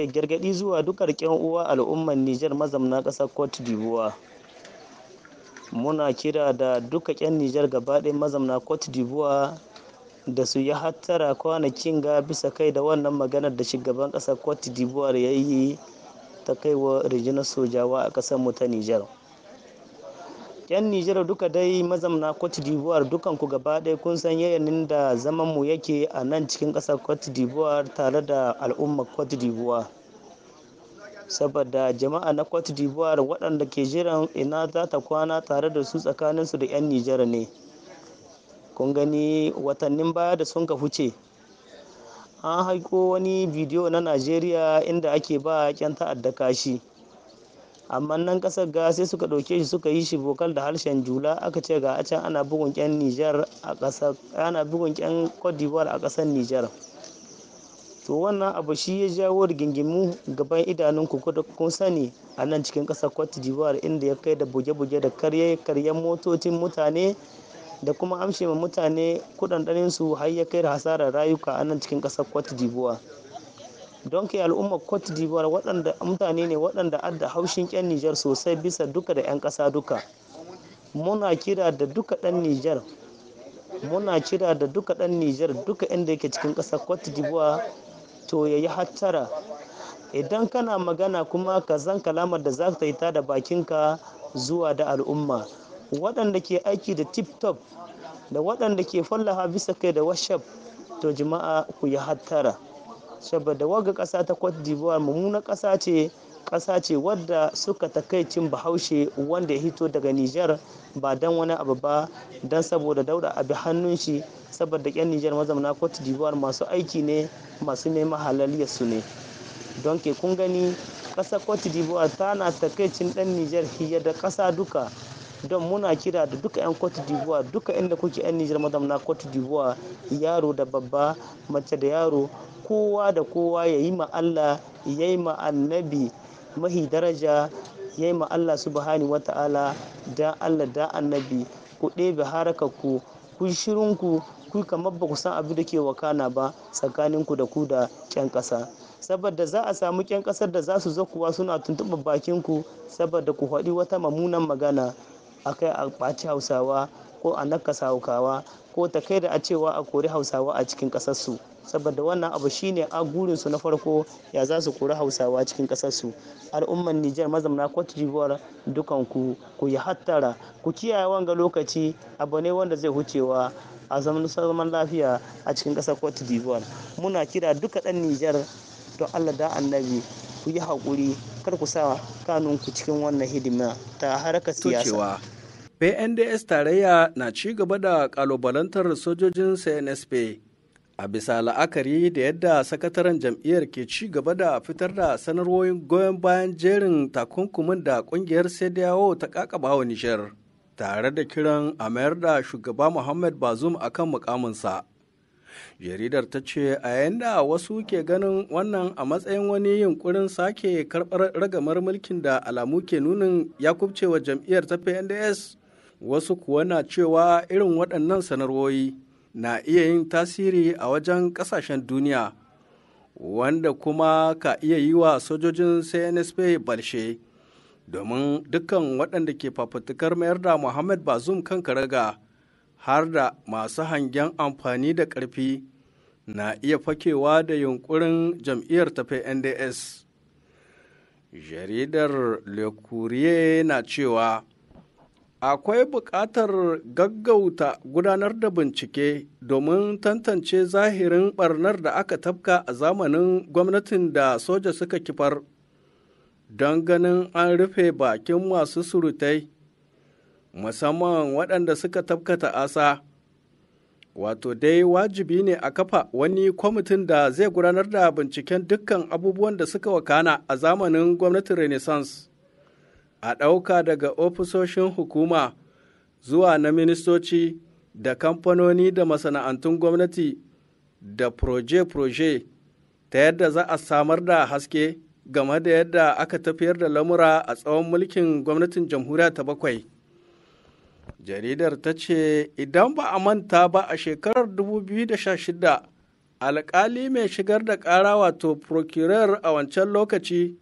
Niger gargaɗi zuwa dukar kyan uwa al'ummar nijar mazamna ƙasar Cote d'Ivoire. Muna kira da duka ƙyan Niger gabaɗe mazamna Cote d'Ivoire da su yi hattara kwanakin ga bisa kai da wannan maganar da shugaban ƙasar Cote d'Ivoire ya yi ta kai wa rijinar sojawa a ƙasar mu ta nijar 'yan nijar duka dai mazamna cote d'ivoire dukan ku gaba ɗaya kun san yayin da zaman mu yake a nan cikin ƙasar cote d'ivoire tare da al'ummar cote d'ivoire saboda jama'a na cote d'ivoire waɗanda ke jiran ina za ta kwana tare da su tsakaninsu da 'yan nijar ne kun gani watannin baya da sun ka huce an haiko wani bidiyo na najeriya inda ake ba 'yan ta'adda kashi amma nan kasar ga sai suka ɗauke shi suka yi shi bokal da harshen jula aka ce ga a can ana bugun kyan nijar a ƙasar ana bugun kyan d'Ivoire a ƙasar nijar to wannan abu shi ya jawo rigingimu gaban idanun ku kun sani a nan cikin ƙasar cote d'ivoire inda ya kai da buge-buge da karye-karyen motocin mutane da kuma amshe ma mutane kuɗaɗen su har ya kai da hasarar rayuka a nan cikin ƙasar cote d'ivoire don kai al'ummar cote d'ivoire waɗanda mutane ne waɗanda adda haushin 'yan nijar sosai bisa duka da 'yan ƙasa duka muna kira da duka ɗan nijar muna kira da duka ɗan nijar duka inda yake cikin ƙasar cote d'ivoire to ya yi hattara idan kana magana kuma ka zan kalamar da za ka yi ta da bakinka zuwa da al'umma waɗanda ke aiki da tip-top da waɗanda ke fallaha bisa kai da washaf to jima'a ku yi hattara saboda waga ƙasa ta cote d'ivoire mummunar ƙasa ce ƙasa ce wadda suka takaicin bahaushe wanda ya hito daga nijar ba dan wani abu ba don saboda dauda abu hannun shi saboda yan nijar mazauna cote d'ivoire masu aiki ne masu neman halaliyar su ne don ke kun gani ƙasa cote d'ivoire tana takaicin ɗan nijar fiye da ƙasa duka don muna kira da duka 'yan cote d'ivoire duka inda kuke 'yan nijar madam na cote d'ivoire yaro da babba mace da yaro kowa da kowa ya yi allah ya yi annabi mahi daraja ya yi allah subhani wata'ala da allah da annabi ku ɗebe haraka ku shirinku ku kamar ba ku san abu da ke wakana ba tsakaninku da ku da kyan kasa saboda za a samu kyan kasar da za su kuwa suna tuntuɓa bakinku saboda ku faɗi wata mamunan magana a kai a ɓaci hausawa ko a nakasa haukawa ko ta kai da a cewa a kori hausawa a cikin ƙasarsu saboda wannan abu shine a gurinsu na farko ya za su kori hausawa cikin ƙasarsu al'umman nijar mazamna cote d'ivoire dukanku ku yi hattara ku kiyaye wanga lokaci abu ne wanda zai hucewa a zaman lafiya a cikin ƙasar cote d'ivoire muna kira duka ɗan nijar to allah da annabi ku yi haƙuri kar ku sa kanunku cikin wannan hidima ta harkar siyasa. PNDS tarayya na ci gaba da kalubalantar sojojin CNSP a bisa la'akari da yadda sakataren jam'iyyar ke ci gaba da fitar da sanarwoyin goyon bayan jerin takunkumin da kungiyar sediyawo ta kakabawa nijar tare da kiran a mayar da shugaba muhammad bazum akan mukaminsa jaridar ta ce a yanda wasu ke ganin wannan a matsayin wani yunkurin sake karɓar ragamar mulkin da alamu ke nunin ya kubcewa jam'iyyar ta pnds wasu kuwa na cewa irin waɗannan sanarwoyi na iya yin tasiri a wajen ƙasashen duniya wanda kuma ka iya yi wa sojojin cnsp balshe domin dukkan waɗanda ke fafutukar mayar da muhammad bazum kan karaga har da masu hangen amfani da ƙarfi na iya fakewa da yunkurin jam'iyyar tafe nds jaridar le courrier na cewa akwai buƙatar gaggauta gudanar da bincike domin tantance zahirin barnar da aka tafka a zamanin gwamnatin da soja suka kifar don ganin an rufe bakin masu surutai musamman waɗanda suka tafkata asa wato dai wajibi ne a kafa wani kwamitin da zai gudanar da binciken dukkan abubuwan da suka wakana a zamanin gwamnatin renaissance a ɗauka daga ofisoshin hukuma zuwa na ministoci da kamfanoni da masana'antun gwamnati da proje-proje ta yadda za a samar da haske game da yadda aka tafiyar da lamura a tsawon mulkin gwamnatin jamhuriya ta bakwai. jaridar ta ce idan ba a manta ba a shekarar 2016 alkali mai shigar da ƙara wato procurer a wancan lokaci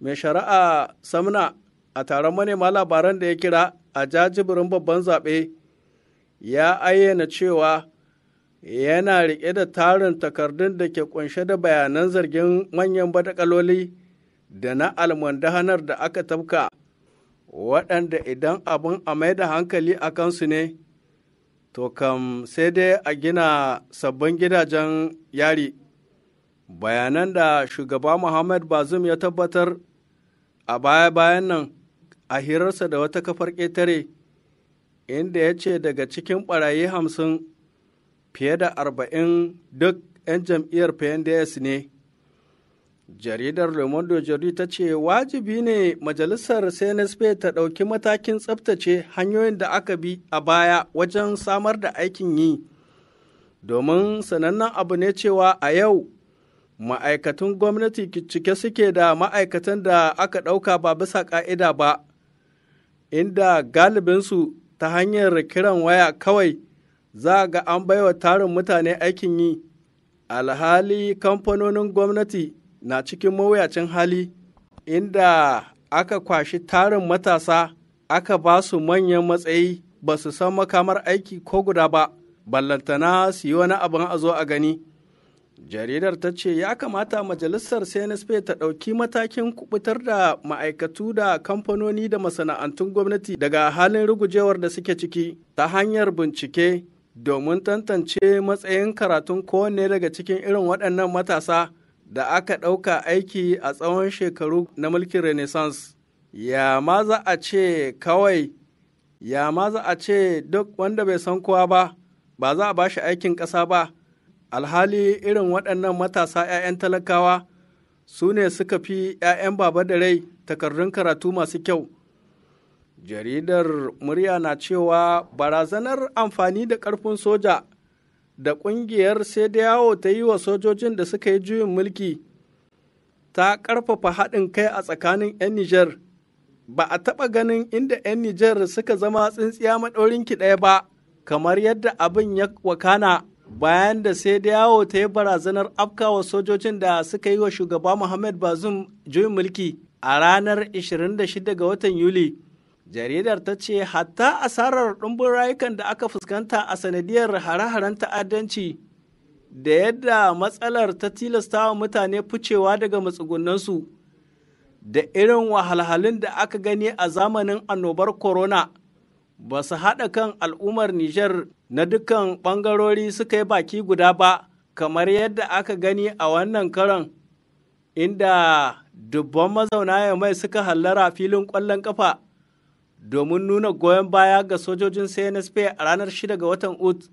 mai shari'a samna a taron manema labaran da ya kira a jajibirin babban zaɓe ya ayyana cewa yana riƙe da tarin takardun da ke kunshe da bayanan zargin manyan badakaloli da na almundahanar da aka tafka waɗanda idan abin a mai da hankali a kansu ne to kam sai dai a gina sabbin gidajen yari bayanan da shugaba muhammad bazum ya tabbatar a baya-bayan nan a hirarsa da wata kafar ƙetare inda ya ce daga cikin ɓarayi hamsin fiye da arba'in duk 'yan jam'iyyar pnds ne Jaridar Le Monde ta ce wajibi ne majalisar CNSP ta ɗauki matakin tsabtace hanyoyin da aka bi a baya wajen samar da aikin yi. Domin sanannen abu ne cewa a yau ma'aikatan gwamnati cike suke da ma'aikatan da aka ɗauka ba bisa ƙa'ida ba, inda galibinsu ta hanyar kiran waya kawai za ga an baiwa tarin mutane aikin yi, alhali kamfanonin gwamnati. na cikin mawuyacin hali inda aka kwashi tarin matasa aka ba su manyan matsayi ba su san makamar aiki ko guda ba ballantana su yi wani abin a zo a gani jaridar ta ce ya kamata majalisar cnsp ta ɗauki matakin kubutar da ma'aikatu da kamfanoni da masana'antun gwamnati daga halin rugujewar da suke ciki ta hanyar bincike domin tantance matsayin karatun kowanne daga cikin irin waɗannan matasa da aka ɗauka aiki a tsawon shekaru na mulkin renaissance ya ma za a ce kawai ya ma za a ce duk wanda bai san kowa ba ba za a ba shi aikin ƙasa ba alhali irin waɗannan matasa 'ya'yan talakawa su ne suka fi 'ya'yan baba da rai takardun karatu masu kyau jaridar murya na cewa barazanar amfani da ƙarfin soja da ƙungiyar sai da yawo ta yi wa sojojin da suka yi juyin mulki ta ƙarfafa haɗin kai a tsakanin 'yan Nijar. Ba a taɓa ganin inda 'yan Nijar suka zama tsintsiya maɗaurin ki ɗaya ba, kamar yadda abin ya wakana bayan da sai da yawo ta yi barazanar afkawa sojojin da suka yi wa shugaba Muhammad Bazum juyin mulki a ranar 26 ga watan Yuli. jaridar ta ce hatta asarar ɗumbin rayukan da aka fuskanta a sanadiyar hare-haren ta'addanci da yadda matsalar ta tilasta wa mutane ficewa daga matsugunansu da irin wahalhalun da aka gani a zamanin annobar corona ba su haɗa kan al'ummar Nijar na dukkan ɓangarori suka yi baki guda ba kamar yadda aka gani a wannan karon, inda dubban mazauna mai suka hallara filin ƙwallon ƙafa domin nuna goyon baya ga sojojin CNSP a ranar 6 ga watan Ut,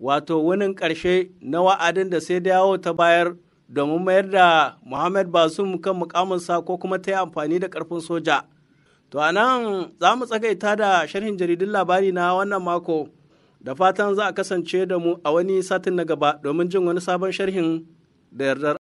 wato wunin ƙarshe na wa'adin da sai dawo ta bayar domin mayar da Muhammad basu kan mukaminsa ko kuma ta yi amfani da ƙarfin soja. To a nan za mu tsagaita da sharhin jaridun labari na wannan mako. da fatan za a kasance da mu a wani satin na gaba domin jin wani sabon sharhin da yardar